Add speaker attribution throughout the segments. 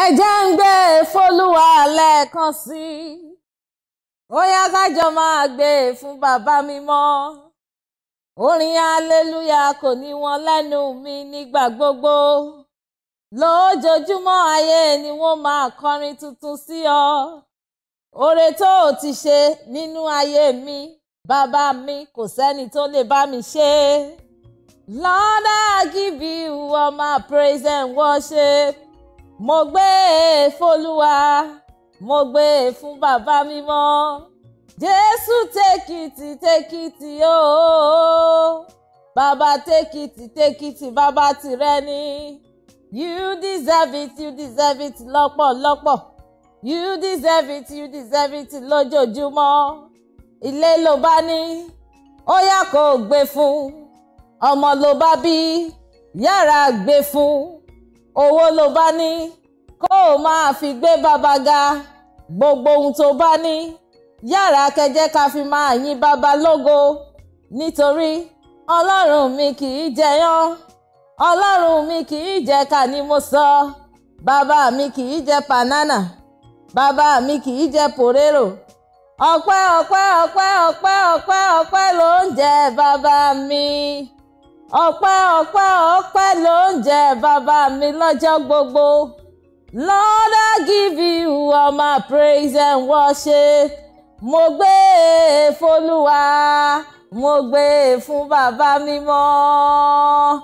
Speaker 1: ẹ jẹ́ ń gbé fólúwa lẹ́ẹ̀kan sí i ó yá kájọ máa gbé e fún bàbá mímọ́ orin aleluya kò ní wọn lẹ́nu mi nígbà gbogbo lójoojúmọ́ ayé ni wọ́n máa kọrin tuntun sí ọ oore tó o ti ṣe nínú ayé mi bàbá mi kò sẹ́ni tó lè bá mi ṣe Lord I give you all my praise and worship mo gbé e f'Olúwa mo gbé e fún bàbá mímọ́ Jésù tèkìtì tèkìtì ooo bàbá tèkìtì tèkìtì bàbá tìrẹ ni you deserve it you deserve it lọ́pọ̀lọpọ̀ you deserve it you deserve it lójoojúmọ́ ilé ló bá ní ó yá kó gbé fún ọmọ ló bá bí yára gbé fún owó ló bá ní kó o máa fi gbé bàbá ga gbogbo ohun tó bá ní yàrá kẹjẹ ká fi máa yìn bàbá lógo nítorí ọlọ́run mi kì í jẹyán ọlọ́run mi kì í jẹ ká ni mo sọ bàbá mi kì í jẹ panana bàbá mi kì í jẹ porero ọpẹ́ ọpẹ́ ọpẹ́ ọpẹ́ ọpẹ́ ọpẹ́ ló ń jẹ bàbá mi. ọpẹ́ ọpẹ́ ọpẹ́ ló ń jẹ bàbá mi lọ́jọ́ gbogbo. Lord, I give you all my praise and worship. Mo gbé e f'Olúwa, mo gbé e fún bàbá mímọ́.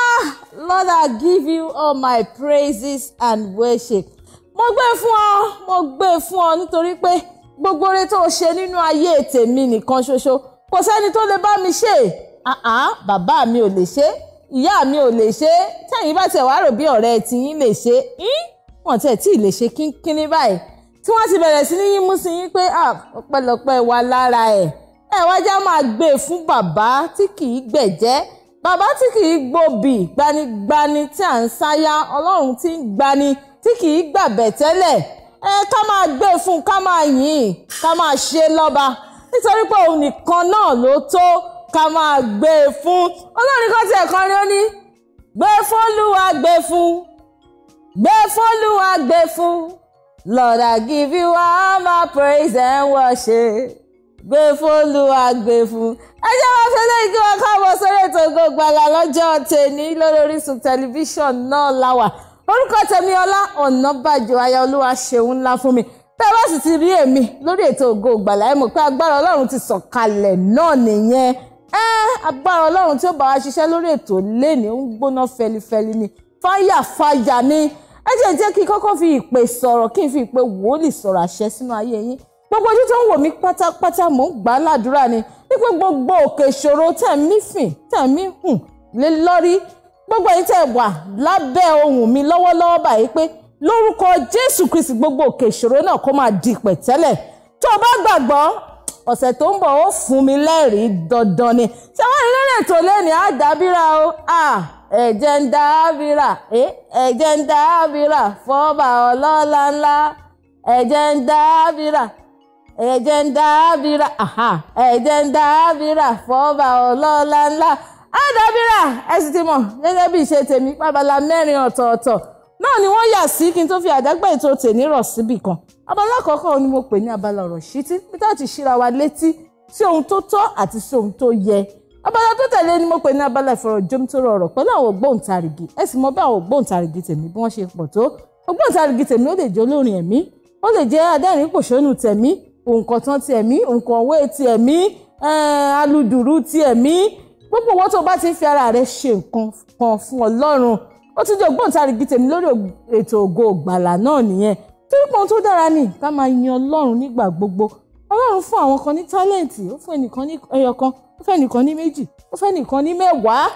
Speaker 1: Ah, Lord, I give you all my praises and worship. Mo gbé e fún ọ, mo gbé e fún ọ nítorí pé gbogbo oore tó o ṣe nínú ayé tèmi nìkan ṣoṣo. Kò sẹ́ni tó lè bá mi ṣe àhán bàbá mi ò lè ṣe ìyá mi ò lè ṣe tẹ̀yìn bá tiẹ̀ wá rò bí ọ̀rẹ́ ti yín lè ṣe wọ́n tiẹ̀ tí ì lè ṣe kínkínní báyìí tí wọ́n ti bẹ̀rẹ̀ sí ní yín mú sí yín pé ah, ọpẹ́lọpẹ́ wà lára ẹ̀ ẹ wá já máa gbé e fún bàbá tí kì í gbẹ̀jẹ́ bàbá tí kì í gbòbì gbanigbani tí à ń sáyà ọlọ́run tí ń gbani tí kì í gbàbẹ̀ tẹ́lẹ̀ ẹ ká máa gbé e fún ká máa yìn ká máa ṣe lọ́ba nítorí pé òun nìkan náà ló tó ká máa gbé e fún olórin kan tiẹ̀ kan rí ó ní gbé e fólúwa gbé e fún gbé e fólúwa gbé fún Lord I give you all my praise and worship gbé fólúwa gbé fún ẹ jẹ́ wá fẹ́lẹ́ kí wọ́n káàbọ̀ sórí ètò Ògo Ìgbàlà lọ́jọ́ tèmi lórí Orísun tẹlifíṣàn náà láwà orúkọ tèmi Ọlá Ọ̀nàbàjọ́ aya Olúwa ṣeun ńlá fún mi tẹ́ ẹ bá sì ti rí èmi lórí ètò Ògo Ìgbàlà ẹ mọ̀ pé agbára Ọlọ́run ti sọ̀kalẹ̀ náà nìyẹn Eh, agbára ọlọ́run tí ó bá wa ṣiṣẹ́ lórí ètò lẹ́ni ó ń gbóná fẹlifẹli ni fáyà fáyà ni ẹ jẹ́ jẹ́ kí n kọ́kọ́ fi ìpè sọ̀rọ̀ kí n fi ìpè wòlíì sọ̀rọ̀ àṣẹ sínú ayé yín gbogbo ojú tó ń wò mí pátápátá mò ń gbà á ládùúrà ni wípé gbogbo òkè ìṣòro tẹ̀mí fìn tẹ̀mí hùn lé lórí gbogbo yìí tẹ̀ wà lábẹ́ ohùn mi lọ́wọ́lọ́wọ́ báyìí pé lórúkọ Jésù Kristi gbogbo òkè ìṣòro náà kó máa di pẹ̀tẹ́lẹ̀ tó o bá gbàgbọ́ ọ̀sẹ̀ tó ń bọ̀ ó fún mi lẹ́rìí dandan ni ṣé wọ́n ní lẹ́rìn ètò lẹ́ni àdábírà o ẹ̀jẹ̀ ń dábìrà e, ẹ̀jẹ̀ ń dábìrà fọ́ọ̀bà ọlọ́lá ńlá ẹ̀jẹ̀ ń dábìrà ẹ̀jẹ̀ ń dábìrà ẹ̀jẹ̀ ń dábìrà fọ́ọ̀bà ọlọ́lá ńlá àdábìrà ẹ sì ti mọ̀ gẹ́gẹ́ bí ìṣe tèmi pábala mẹ́rin ọ̀tọ̀ọ̀tọ̀ náà ni wọ́n yà sí kí n tó fi àdágbà ètò tèmi rọ̀ síbì kan abala kọ̀ọ̀kan ni mo pè ní abala ọ̀rọ̀ ṣítí pété àti ṣíra wa létí sí ohun tó tọ́ àti sí ohun tó yẹ abala tó tẹ̀lé ni mo pè ní abala ìfọ̀rọ̀jomitoro ọ̀rọ̀ pẹ̀lú àwọn ògbóǹtarìgì ẹ sì mọ bí àwọn ògbóǹtarìgì tèmi bí wọ́n ṣe pọ̀ tó ògbóǹtarìgì tèmi ó lè jẹ́ olórin ẹ̀mí ó lè jẹ́ adẹ́rìn pòṣónù tẹ̀mí òǹkọ̀ tán ti ẹ̀mí òǹkọ̀ òwe eh, gbogbo owó tó bá ti fi ara rẹ̀ ṣe nǹkan kan fún Ọlọ́run ó tún jẹ́ ògbóǹtarìgì tèmi lórí ètò ògo ìgbàlà náà nìyẹn torí pé ohun tó dára ni ká máa yin ọlọ́run nígbà gbogbo ọlọ́run fún àwọn kan ní tálẹ́ǹtì ó fún ẹnìkan ní ẹyọkan ó fún ẹnìkan ní méjì ó fún ẹnìkan ní mẹ́wàá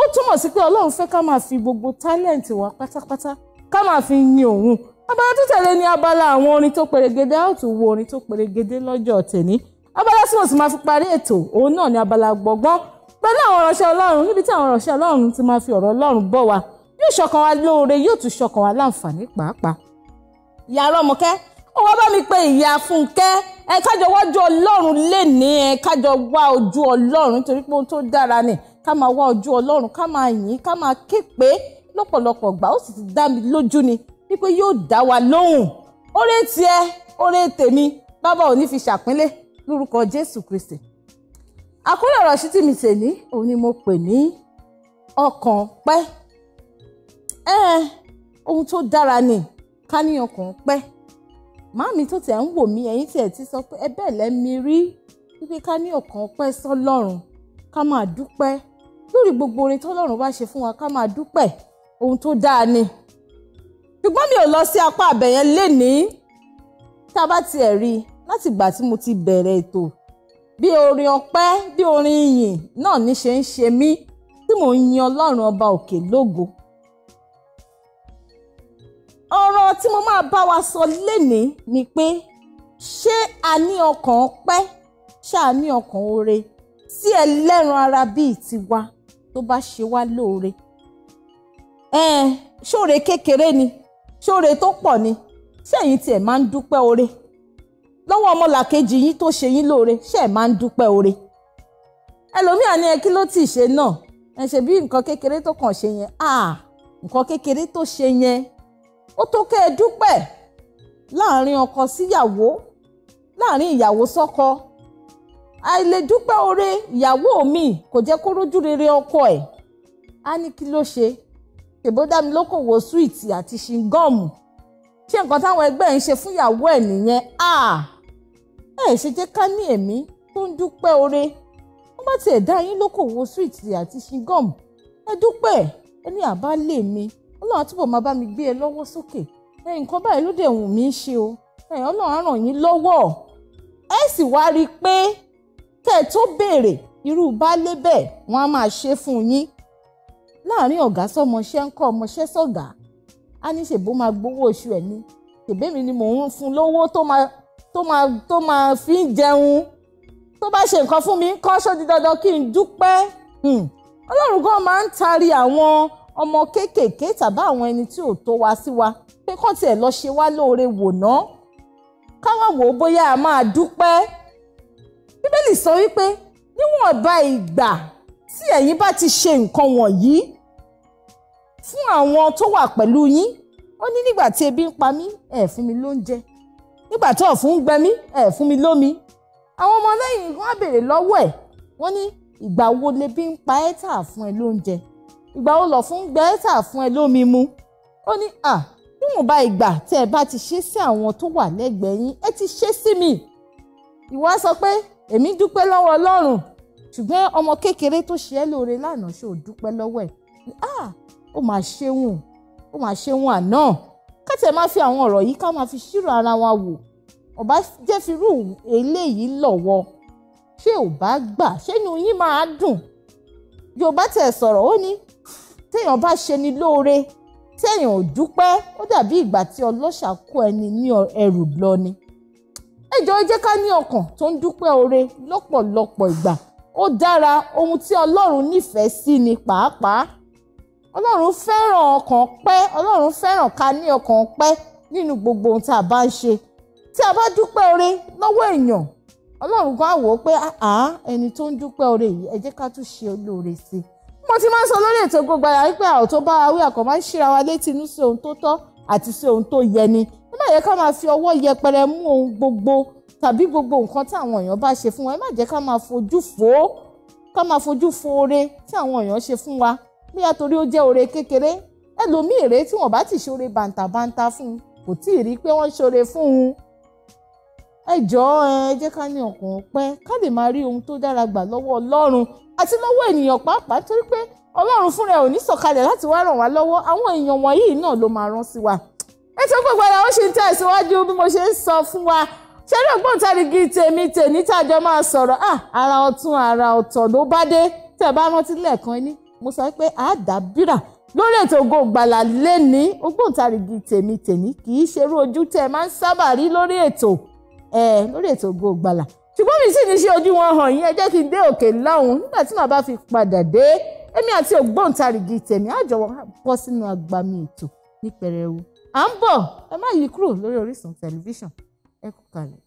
Speaker 1: ó túmọ̀ sí pé ọlọ́run fẹ́ ká máa fi gbogbo tálẹ́ǹtì wa pátápátá ká máa fi yin òun abala tó tẹ̀lé ní abala àwọn orin tó perégedé a ó tún wo orin tó perégedé lọ́jọ́ tèmi abala tí mo sì máa fi parí ètò òun náà ní abala gbọ̀ngbọ́n pẹ̀lú àwọn ìránṣẹ́ ọlọ́run níbi tí àwọn ìránṣẹ́ ọlọ́run ti máa fi ọ̀rọ̀ ọlọ́run bọ̀ wá yóò ṣọkàn wa lóore yóò tún ṣọkàn wa láǹfààní pàápàá. ìyá rọmọkẹ́ ó wá bá mi pé ìyá fúnkẹ́ ẹ kájọ wájú ọlọ́run léni ẹ kájọ wá ojú ọlọ́run nítorí pé ohun tó dára ni ká máa wá ojú ọlọ́run ká máa yìn ká máa ké pé lọ́pọ̀lọpọ̀ gbà ó sì ti dá mi lójú ni wípé yóò dá wa lóhùn oore tiẹ̀ oore tèmi bàbá ò ní fi ṣàpínlẹ̀ lórúkọ Jésù Kristi àkúrò ọ̀rọ̀ sí tìmí tèmi òun ni mo pè ní ọkàn pẹ́ ẹ ohun tó dára ni ká ní ọkàn pẹ́ màámi tó tẹ̀ ń wò mí ẹ̀yìn tí ẹ̀ ti sọ pé ẹ bẹ́ẹ̀ lẹ́mi rí wípé ká ní ọkàn pẹ́ sọ́lọ́run ká máa dúpẹ́ lórí gbogbo oore tọ́lọ́run bá ṣe fún wa ká máa dúpẹ́ ohun tó dáa ni ṣùgbọ́n mi ò lọ sí apá abẹ̀yẹn lénìí tá a bá tiẹ̀ rí i láti ìgbà tí mo ti bẹ̀rẹ̀ ètò bí orin ọpẹ́ bí orin ìyìn náà ní ṣe ń ṣe mí tí mò ń yin ọlọ́run ọba òkè lógo. ọ̀rọ̀ tí mo máa bá wa sọ lénìí ni pé ṣé a ní ọkàn ọpẹ́ ṣé a ní ọkàn oore sí ẹlẹ́ran ara bíi tiwa tó bá ṣe wá lóore. ṣóore kékeré ni ṣóore tó pọ̀ ni ṣé ẹ̀yin tiẹ̀ máa ń dúpẹ́ oore lọ́wọ́ ọmọlàkejì yín tó ṣe yín lóore ṣe é máa ń dúpẹ́ oore ẹlòmíà ni ẹ kí ló tì ṣe náà ẹ ṣe bí nǹkan kékeré tó kàn ṣe yẹn ah nǹkan kékeré tó ṣe yẹn ó tó kẹ́ ẹ dúpẹ́ láàrin ọkọ síyàwó láàrin ìyàwó sọ́kọ àìlè dúpẹ́ oore ìyàwó mi kò jẹ́ kó rójú rere ọkọ ẹ̀ á ní kí ló ṣe ṣèbó dá mi súwìtì àti ṣingọ́ọ̀mù ṣé nǹkan táwọn ẹgbẹ́ ẹ̀ ń ṣe fúnyàwó ẹ̀ nìyẹn ah! ẹ̀ ṣe jẹ́ ká ní ẹ̀mí tó ń dúpẹ́ oore wọ́n bá tiẹ̀ dá yín lókòwò sweet àti shingom ẹ dúpẹ́ ẹ ní àbá lè mi ọlọ́run túbọ̀ máa bá mi gbé ẹ lọ́wọ́ sókè ẹ nǹkan báyìí ló dẹ̀ wù mí ṣe o ẹ ọlọ́run ràn yín lọ́wọ́ ẹ sì wá rí i pé kẹ́ ẹ tó béèrè irú baálé bẹ́ẹ̀ wọ́n á máa ṣe fún yín láàárín ọ̀gá sọmọṣẹ́ ńkọ́ ọmọṣẹ́ sọ̀gá. So á ní ṣèbó máa gbowó oṣù ẹ̀ ní ṣèbémi ni mò ń fún lówó tó máa tó máa tó máa fi ń jẹun tó bá ṣe nǹkan fún mi ń kọ́ ṣó di dandan kí n dúpẹ́ hmm. ọlọ́run gan máa ń tari àwọn ọmọ kéékèèké tàbí àwọn ẹni tí ò tó wa sí wa pé kàn tiẹ̀ lọ ṣe wá lóore wò ná káwọn wò ó bóyá a máa dúpẹ́ bíbélì sọ wípé níwọ̀nba ìgbà tí ẹ̀yin bá ti ṣe nǹkan wọ̀nyí fún àwọn tó wà pẹ̀lú yín ó ní nígbà tí ebi ń pa mí ẹ̀ fún mi lóúnjẹ nígbà tó ọ̀fun ń gbẹ mí ẹ̀ fún mi lómi àwọn ọmọ lẹ́yìn wọn á béèrè lọ́wọ́ ẹ̀ wọ́n ní ìgbà wo lebi ń pa ẹ́ tà fún ẹ lóúnjẹ ìgbà wo lọ̀fun ń gbẹ ẹ́ tà fún ẹ lómi mu ó ní à níwọ̀nba ìgbà tẹ́ ẹ bá ti ṣe sí àwọn tó wà lẹ́gbẹ̀ẹ́ yín ẹ ti ṣe sí mi ìwọ á sọ pé èmi dúpẹ́ lọ́wọ́ ọlọ́run ṣùgbọ́n ọmọ kékeré tó ṣe ẹ́ lóore lánàá ṣó dúpẹ́ lọ́wọ́ ẹ̀ ah ó máa ṣéwùn ó máa ṣéwùn àná kátẹ́ máa fi àwọn ọ̀rọ̀ yìí ká máa fi ṣírò ara wa wò ọba jẹ́ firú eléyìí lọ́wọ́ ṣé ò bá gbà ṣé ni oyin máa dùn yorùbá tẹ̀ sọ̀rọ̀ ó ní téèyàn bá ṣe ni lóore téèyàn ò dúpẹ́ ó dàbí ìgbà tí ọlọ́ṣà kó ẹni ní ẹrù lọ ni ẹ jọ̀ọ́ jẹ́ ká ní ọkàn tó ń dúpẹ́ oore lọ́pọ̀lọpọ̀ ìgbà ó dára ohun tí ọlọ́run nífẹ̀ẹ́ sí ni pàápàá ọlọ́run fẹ́ràn ọkàn pẹ́ ọlọ́run fẹ́ràn ká ní ọkàn pẹ́ nínú gbogbo ohun tá a bá ń ṣe tí a bá dúpẹ́ oore lọ́wọ́ èèyàn ọlọ́run kan á wò ó pé àá ẹni tó ń dúpẹ́ oore yìí ẹ jẹ́ ká tún ṣe olóore sí i mo ti máa ń sọ lórí ètò gbogbo ara wípé àwọn tó bá awé àkàn máa ń ṣíra wa létí inú sí ohun tó tọ́ àti sí ohun tó yẹ ni ẹ má yẹ ká máa fi ọwọ́ yẹpẹrẹ mú ohun gbogbo tàbí gbogbo nǹkan tí àwọn èèyàn bá ṣe fún wa ẹ má jẹ́ ká máa fojú fò ó ká máa fojú fò oore tí àwọn èèyàn ṣe fún wa bóyá torí ó jẹ́ oore kékeré ẹlòmíì èrè tí wọ́n bá ti ṣoore bàǹtàbàǹtà fún un kò tí ì rí i pé wọ́n ṣoore fún un ẹ jọ̀ọ́ ẹ jẹ́ ká ní ọkàn ọpẹ́ ká lè máa rí ohun tó dára gbà lọ́wọ́ Ọlọ́run àti lọ́wọ́ ènìyàn pàápàá torí pé Ọlọ́run fúnra ẹ̀ ò ní sọ̀kalẹ̀ láti wá ràn wá lọ́wọ́ àwọn èèyàn wọ̀nyí náà ló máa rán sí wa ètò gbogbo ara ó ṣe ń tẹ̀síwájú bí mo ṣe ń sọ fún wa ṣẹ́rí ògbóǹtarìgì tèmi tèmi tàjọ máa sọ̀rọ̀ àrà ọ̀tún àrà ọ̀tọ̀ ló bá dé tẹ̀ bá rántí lẹ́ẹ̀kan ní mo sọ pé àádá bírà lórí ètò Ògo Ìgbàlà lẹ́ni ògbóǹtarìgì tèmi tèmi kì í ṣerú ojú tẹ́ ẹ máa ń sábà rí lórí ètò ẹ lórí ètò Ògo Ìgbàlà ṣùgbọ́n mi sì ní ṣe ojú wọn hàn yín ẹ jẹ́ kí n dé òkè lọ́hùn nígbà tí màá bá fi padà dé èmi àti ògbóǹtarìgì tèmi á jọ bọ́ sínú agbami ètò ní pẹrẹwu à ń bọ̀ ẹ má yí kúrò lórí Orísun tẹlifíṣàn ẹ kú kalẹ̀.